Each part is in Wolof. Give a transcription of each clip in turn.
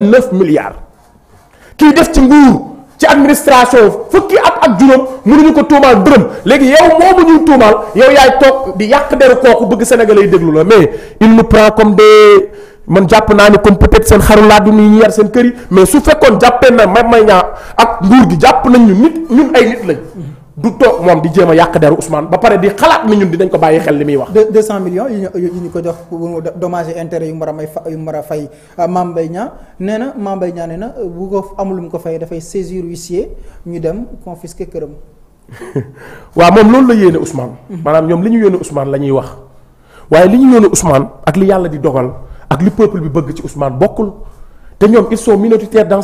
neuf milliards kii def ci nguur ci administration fukki ak ak juróom mënuñu ko tuumaal dërëm léegi yow moomu ñuy tuumaal yow yaay toog di yàq deru kooku bëgg Sénégalais yi déglu la mais il nous prend comme des man jàpp naa ne comme peut-être seen xarulaat yi ñu yar seen kër yi mais su fekkoon jàppee na may may ñaa ak nguur gi jàpp nañ ñu nit ñun ay nit lañ. du toog moom di jéem a yàq deru Ousmane ba pare di xalaat ni ñun dinañ ko bàyyi xel li muy wax. deux cent millions yu ñu yu ñu ko jox pour dommage yu mu war a may yu mu a fay euh, Mame Mbaye Niang nee na Mame Mbaye nee na bu ko amul lu mu ko fay dafay saisir huissier ñu dem confisquer këram. waa moom loolu la yéene Ousmane. Mhm. maanaam ñoom li ñu yéene Ousmane la ñuy wax waaye li ñu yéene Ousmane ak li yàlla di dogal ak lu peuple bi bëgg ci Ousmane bokkul te ñoom ils sont minoritaires dans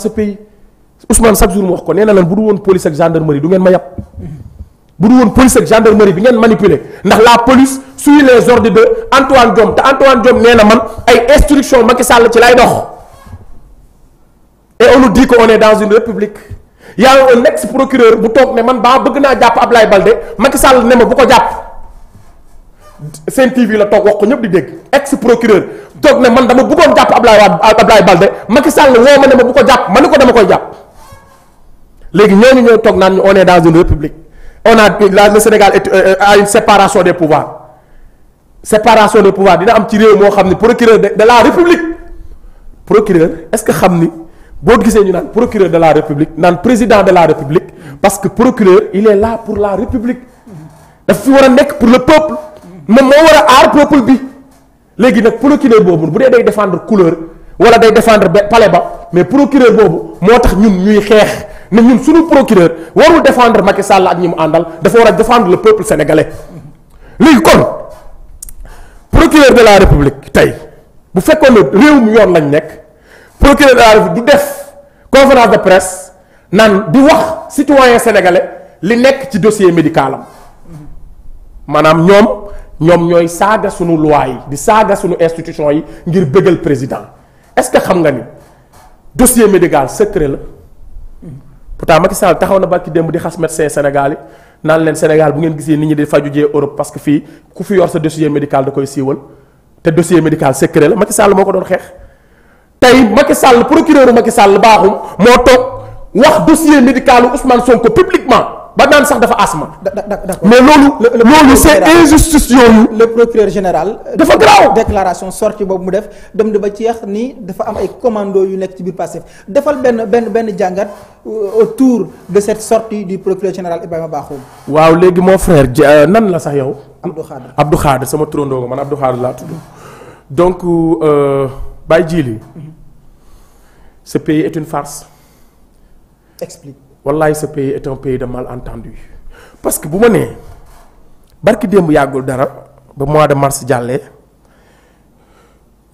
Ousmane chaque jour mu wax ko nee na leen bu du woon police ak gendarmerie du ngeen ma yàpp bu du woon police ak gendarmerie bi ngeen manipuler ndax la police suit les ordres de Antoine Diome te Antoine Diome nee na man ay instruction Macky Sall ci lay dox et on nous dit on est dans une république y a un ex procureur bu toog ne man baa bëgg naa jàpp Ablaye bal Macky Sall ne ma bu ko jàpp Sen TV la toog wax ko ñëpp di dégg ex procureur toog ne man dama bëggoon jàpp Ablaye Ablaye Balde Macky Sall woo ma ne ma bu ko jàpp ma ne ko dama koy jàpp léegi ñooñu ñoo toog naan on est dans une république a la le Sénégal est à euh, une séparation des pouvoirs séparation des pouvoirs dina am ci réew moo xam ni procureur de de la république procureur est-ce que xam ni boo gisee ñu naan procureur de la république naan président de la république parce que procureur il est là pour la république dafa fi war a nekk pour le peuple moom moo war a aar peuple bi léegi nag procureur boobu bu dee day défendre couleur wala day défendre palais ba mais procureur boobu moo tax ñun ñuy xeex. ne ñun suñu procureur warul defendre Macky Sall ak ñi mu àndal dafa war a défendre le peuple sénégalais léegi kon procureur de la république tey bu fekkoon ne réew mu yoon lañ nekk procureur de la république du def conférence de presse naan di wax citoyen sénégalais li nekk ci dossier médical maanaam ñoom ñoom ñooy saaga sunu loi yi di saaga suñu institution yi ngir bëggal président est-ce que xam nga ni dossier médicale secret la. pourtant Macky Sall taxaw na barki démb di xas médecin Sénégal yi naan leen Sénégal bu ngeen gisee nit ñi di faju jee Europe parce que fii ku fi yor sa dossier médical da koy siiwal te dossier médical secret la Macky Sall moo ko doon xeex. tey Macky Sall procureur Macky Sall baaxum moo toog wax dossier médical Ousmane Sonko publiquement ba naan sax dafa asma. mais loolu. loolu c'est injustice yooyu. le procureur général. Euh, dafa garaaw déclaration sorti boobu mu def dem di ba ceex ni dafa am ay commando yu nekk ci biir Pastef defal benn benn benn jàngat euh, autour de cette sortie du procureur général Ibrahima Bakhoum. waaw léegi mon frère euh, nan la sax yow. Abdou Khadre Abdou Khadre sama turandoo nga man Abdou Khadre laa tudd donc Baye Djili. Mhm. ce pays est une farce. explique. wallaay ce pays est un pays de malentendus parce que bu ma nee barki démb yàggul dara ba mois de mars jàllee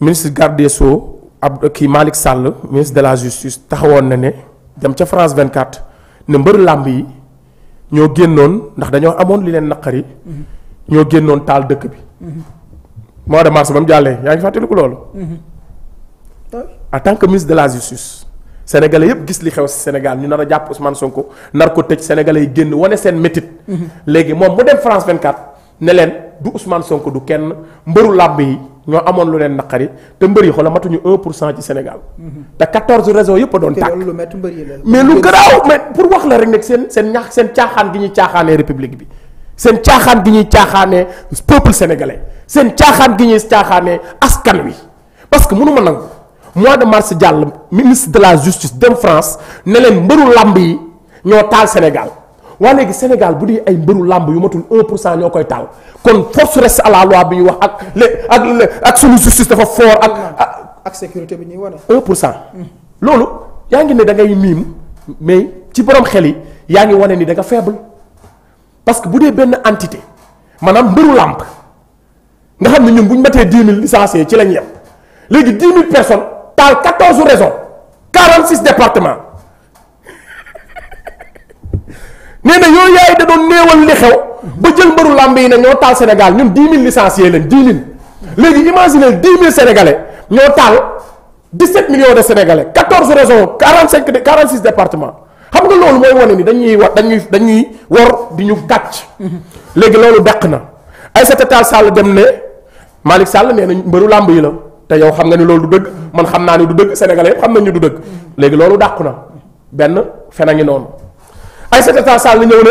ministre garde des Sceaux ab kii Malick Sall ministre de la justice taxawoon na ne dem ca France 24 ne mbër làmb yi ñoo génnoon ndax dañoo amoon li leen naqari ñoo génnoon taal dëkk bi mois de mars ba mu jàllee yaa ngi fàttaliku loolu mm-hmm. en tant que ministre de la justice sénégalais yëpp gis li xew si Sénégal ñu nar a jàpp Ousmane Sonko nar ko tëj sénégalais yi génn wane seen métit mhm. léegi moom mu dem France 24 ne leen du usman Sonko du kenn mbëru làmb yi ñoo amoon lu leen naqari te mbër yi xoola matuñu 1 pour cent ci Sénégal. Mhm. te 14 régions yëpp a doon tàkk mais lu garaaw mais pour wax la rek nag seen seen ñaax seen caaxaan gi ñuy caaxaanee république bi. seen caaxaan gi ñuy caaxaane peuple sénégalais seen caaxaan gi ñuy caaxaanee askan wi parce que mënu ma nangu. mois de mars jàll ministre de la justice de France ne leen mbëru làmb yi ñoo taal Sénégal waa léegi Sénégal bu di ay mbëru làmb yu matul 1 pour cent ñoo koy taal kon force reste à la loi bi ñu wax ak le ak ak suñu justice dafa fort ak. ak sécurité bi ñuy wane. 1 pour cent. Mm. loolu yaa ngi ne da ngay miim mais ci borom xel yi yaa ngi wane ni da nga faible parce que bu dee benn entité maanaam mbëru làmb nga xam ne ñun bu ñu matee 10 000 licenciés ci lañ yem léegi 10 000 taal quatorze régions quarante six départements nee na yooyu yaay da doon néewal li xew ba jël mbëru làmb yi ne ñoo taal Sénégal ñun dix mille licenciés lañ dix mille léegi imaginez dix mille sénégalais ñoo taal dix sept millions de sénégalais quatorze régions quarante cinq quarante six départements xam nga loolu mooy wane nii dañuy war dañuy dañuy war di ñu kàcc. léegi loolu dàq na Aïssata Tall Sall dem ne Malick Sall nee na mbëru làmb yi la. te yow xam nga ni loolu du dëgg man xam naa ni du dëgg sénégalais yëpp xam nañ ni du dëgg léegi loolu dàqu na benn fen a ngi noonu Aïssata Tall Sall ñëw ne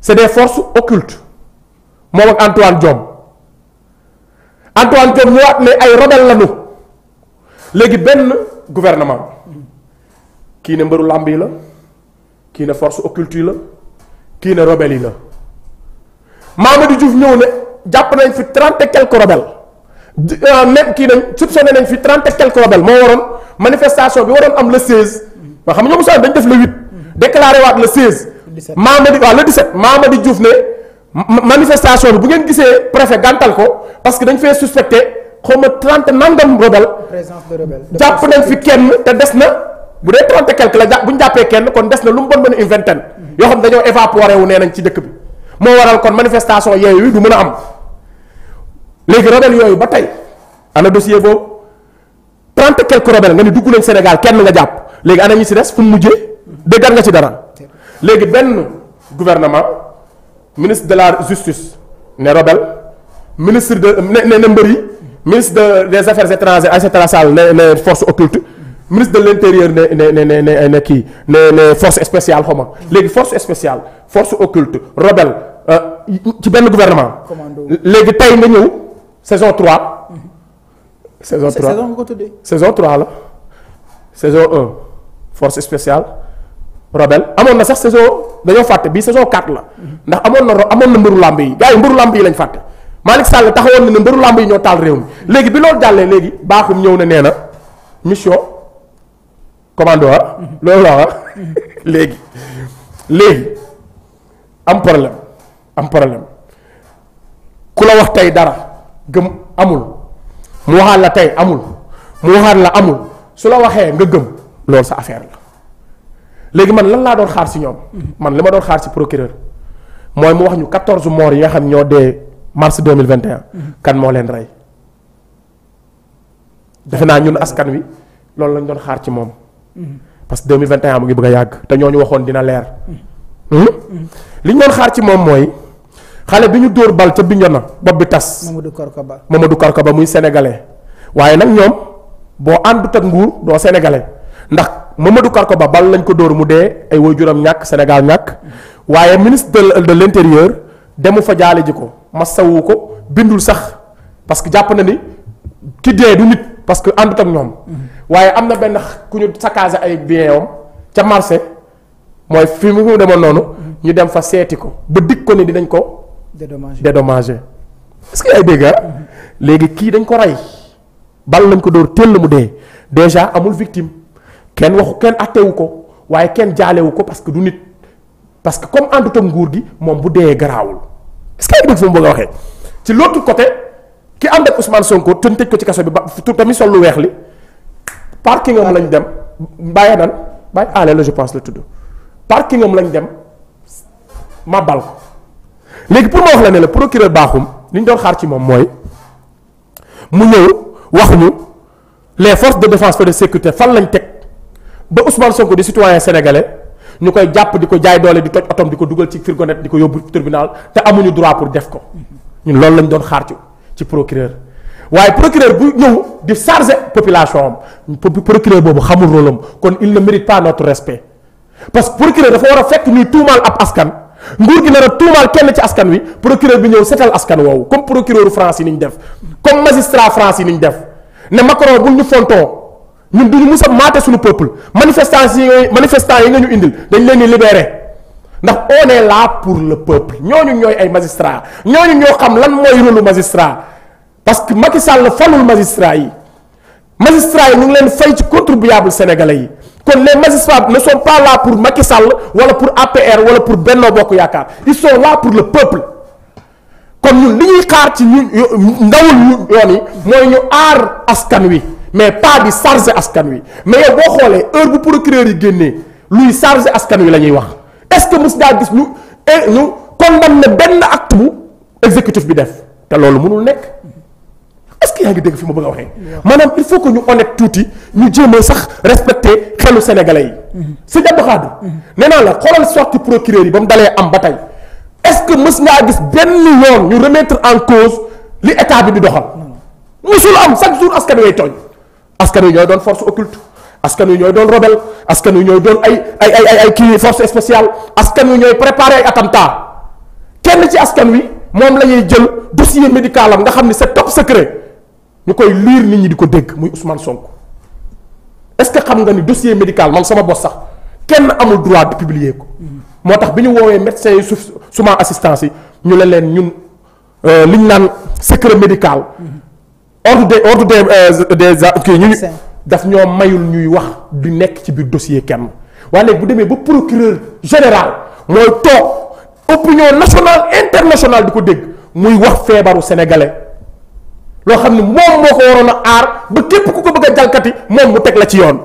c'est des forces occultes moom ak Antoine Diome Antoine Diome ñëwaat ne ay rebelle lañu léegi benn gouvernement kii ne mbëru làmb yi la kii ne force occulte yi la kii ne rebelle yi la Mamadou Diouf ñëw ne jàpp nañ fi trente et quelques Euh, même kii nañ soupçonné nañ fi trente et quelques rebelles moo waroon manifestation bi waroon am la 16. ba xam nga ñoom dañ def le 8. déclaré waat le 16. Mamadi waaw le 17 Mamadi Diouf ne manifestation bi bu ngeen gisee préfet gàntal ko parce que dañ fee suspecté xaw ma trente nangam rebelle. présence de rebelle jàpp nañ fi kenn te des na bu dee trente et quelque la jàpp bu ñu jàppee kenn kon des na lu mu bon mën une yoo xam dañoo évaporé wu nee nañ ci dëkk bi moo waral kon manifestation yooyu du mën a am. léegi rebelle yooyu ba tey ana dossier boobu trente quelques rebelle nga ni dugg nañ Sénégal kenn nga jàpp léegi ana ñi si des fu mu mujjee déggal nga ci dara léegi benn gouvernement ministre de la justice ne rebelle ministre de ne ne mbër yi ministre des affaires étrangères Aïssata Sall ne ne force occulte ministre de l'intérieur ne ne ne ne ne kii ne force spéciale xaw léegi force spéciale force occulte rebelle euh, ci benn gouvernement léegi tey nga ñëw saison 3. Mhm. saison 3 ko tuddee. saison 3 la saison 1 force spéciale rebelle amoon na sax saison dañoo fàtte bii saison 4 la mhm. ndax amoon na amoon na mbëru làmb yi gars yi mbëru làmb yi lañ fàtte Malick Sall taxawoon na ne mbëru làmb yi ñoo taal réew mi léegi bi loolu jàllee léegi baaxum ñëw na nee na mission commando ah. mhm. loolu la ah léegi léegi am problème am problème ku la wax tey dara. gëm amul mu waxaat la tey amul mu waxaat la amul su la waxee nga gëm loolu sa affaire la léegi man lan laa doon xaar si ñoom man li ma doon xaar si procureur mooy mu wax ñu quatorze morts yi nga xam ñoo dee mars deux mille vingt et kan moo leen rey defe naa ñun askan wi loolu lañ doon xaar ci moom parce que deux mille vingt et un mu ngi bëgg a yàgg te ñoo ñu waxoon dina leer hmm? hmm? li ñu doon xaar ci moom mooy. xale bi ñu dóor bal ca Bignona bopp bi tas. Mamadou Korkaba Mamadou ba muy sénégalais waaye nag ñoom boo àndut ak nguur doo sénégalais ndax Mamadou ba bal nañ ko dóor mu dee ay waajuram ñàkk Sénégal ñàkk waaye ministre de l' intérieur demu fa jaale ji ko masawu ko bindul sax parce que jàpp na ni ki dee du nit parce que àndut ak ñoom. Mm-hmm. waaye am na benn ku ñu saccagé ay biens am ca marché mooy fi mu demoon noonu. ñu dem fa seeti ko ba dikk ko ni dinañ ko. dédommagé dédommagé est-ce que ay dégg ah? léegi kii dañ ko rey bal lañ ko dóor teel mu dee déjà amul victime kenn waxu kenn attewu ko waaye kenn jaalewu ko parce que du nit parce que comme àndut ak nguur gi moom bu dee garaawul est-ce que ay dégg fu mu bëgg a waxee ci l'autre côté ki ànd ak Ousmane Sonko tën tëj ko ci kaso bi ba tamit sol lu weex li parking am lañ dem bàyyi nan bàyyi aale la je la tudd parking am lañ dem mabal ko. léegi pour ma wax la ne la procureur baaxum li ñu doon xaar ci moom mooy mu ñëw wax ñu les forces de défense et de sécurité fan lañ teg ba Ousmane Sonko de citoyen sénégalais ñu koy jàpp di ko jaay doole di toj otoom di ko dugal ci fourgonnette di ko yóbbu tribunal te amuñu droit pour def ko ñun loolu lañ doon xaar ci ci procureur waaye procureur bu ñëw di charger population am procureur boobu xamul rôle am kon il ne mérite pas notre respect parce que procureur dafa war a fekk ñuy tuumaal askan. nguur gi nar a tuumaal kenn ci askan wi procureur bi ñëw setal askan woowu comme procureur France yi ni ñu def comme magistrat France yi ni ñu def ne Macron bul ñu fontoo ñun duñu ñu a maate suñu peuple manifestation yi manifestant yi nga ñu indil dañ leen di libéré ndax on est là pour le peuple ñu ñooy ay magistrat ñu ñoo xam lan mooy rôlu magistrat parce que Macky Sall falul magistrat yi magistrat yi ñu ngi leen fay ci contribuable sénégalais yi kon les magistrats ne sont pas là pour Macky Sall wala pour APR wala pour Benno Bokk Yaakaar ils sont là pour le peuple kon li ñuy xaar ci ñu ndawul yoon yi mooy ñu aar askan wi mais pas di charger askan wi mais yow boo xoolee heure bu procureur yi génnee luy charger askan wi la ñuy wax est-ce que mos ngaa gis ñu eh, ñu condamné benn acte bu exécutif bi def te loolu mënul nekk. est que yaa ngi dégg fi ma bëgg a waxee. maanaam il faut que ñu honnête tuuti ñu jéem sax respecté xelu sénégalais yi. sëñ Abdou Khadre. nee naa la xoolal sorti procureur yi ba mu dalee am ba tey est-ce que mës ngaa gis benn yoon ñu remettre en cause li état bi di doxal. mësul am chaque jour askan wi tooñ. askan wi ñooy doon force occulte askan wi ñooy doon rebelle askan wi ñooy doon ay ay ay ay kii force spéciale askan wi ñooy préparé ay attentat kenn ci askan wi moom la ñuy jël dossier médical nga xam ni c'est top secret. ñu koy liir nit ñi di ko dégg muy Ousmane sonk est-ce que xam nga ni dossier médical man sama bopp sax kenn amul droit piblier ko. moo tax bi ñu woowee médecins yi su suma assistance yi ñu ne leen ñun euh, li ñu naan secret médical. ordre des ordre des euh, des kii ñu daf ñoo mayul ñuy wax di nekk ci biir dossier kenn waaye bu demee ba procureur général mooy toog opinion nationale international di ko dégg muy wax feebaru sénégalais. loo xam ne moom moo ko waroon a aar ba képp ku ko bëgg a moom mu teg la ci yoon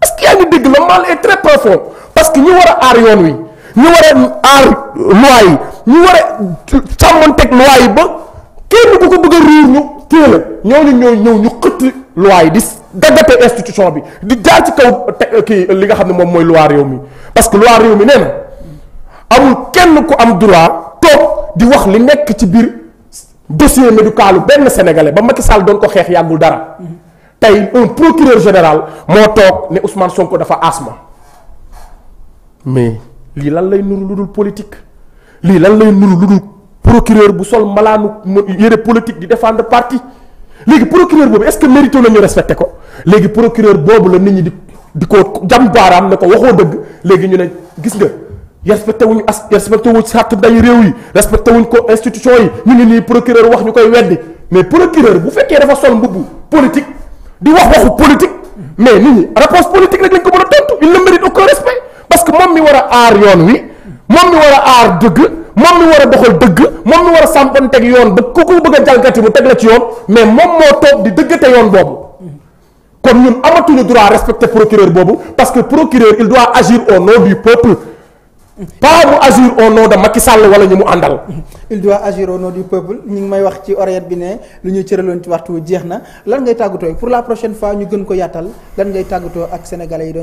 parce que yaa ngi dégg le mal est très profond parce que ñu war a aar yoon wi ñu war a aar loi yi ñu war a sàmmoon teg loi yi ba kenn ku ko bëgg a ruur ñu téela ñooñu ñoo ñëw ñu xëtt loi yi di daggate institution bi di jaar ci kaw te kii li nga xam ne moom mooy loi réew mi parce que loi réew mi nee na amul kenn ku am droit toog di wax li nekk ci biir dossier médicalu benn sénégalais ba Macky Sall doon ko xeex yàggul dara tey un procureur général moo toog ne Ousmane Sonko dafa asma mais lii lan lay nuru lu dul politique lii lan lay nuru lu dul procureur bu sol malaanu yére politique di défendre parti léegi procureur boobu est-ce que mérité na ñu respecté ko léegi procureur boobu la nit ñi di di ko jam baaraam ne ko waxoo dëgg léegi ñu ne gis nga. respecté wuñ as respecté wuñ sàtt day réew yi respecté wuñ institution yi ñu ngi nii procureur wax ñu koy weddi mais procureur bu fekkee dafa sol mbubb politique di wax waxu politique mais nit ñi réponse politique rek lañ ko mën a tontu il ne mérite aar yoon wi moom mi war dëgg moom mi war a doxal dëgg moom mi war a ba ku ko a teg yoon mais moom moo toog di dëggate yoon boobu kon ñun amatuñu droit respecter procureur boobu parce que procureur il doit agir au nom du peuple pas bu agir au nom de Macky Sall wala ñu mu àndal. il doit agir au nom du peuple ñu ngi may wax ci oreillette bi ne lu ñu cëraloon ci waxtu jeex na lan ngay tàggatoo pour la prochaine fois ñu gën ko yaatal lan ngay tàggatoo ak sénégal yi doon.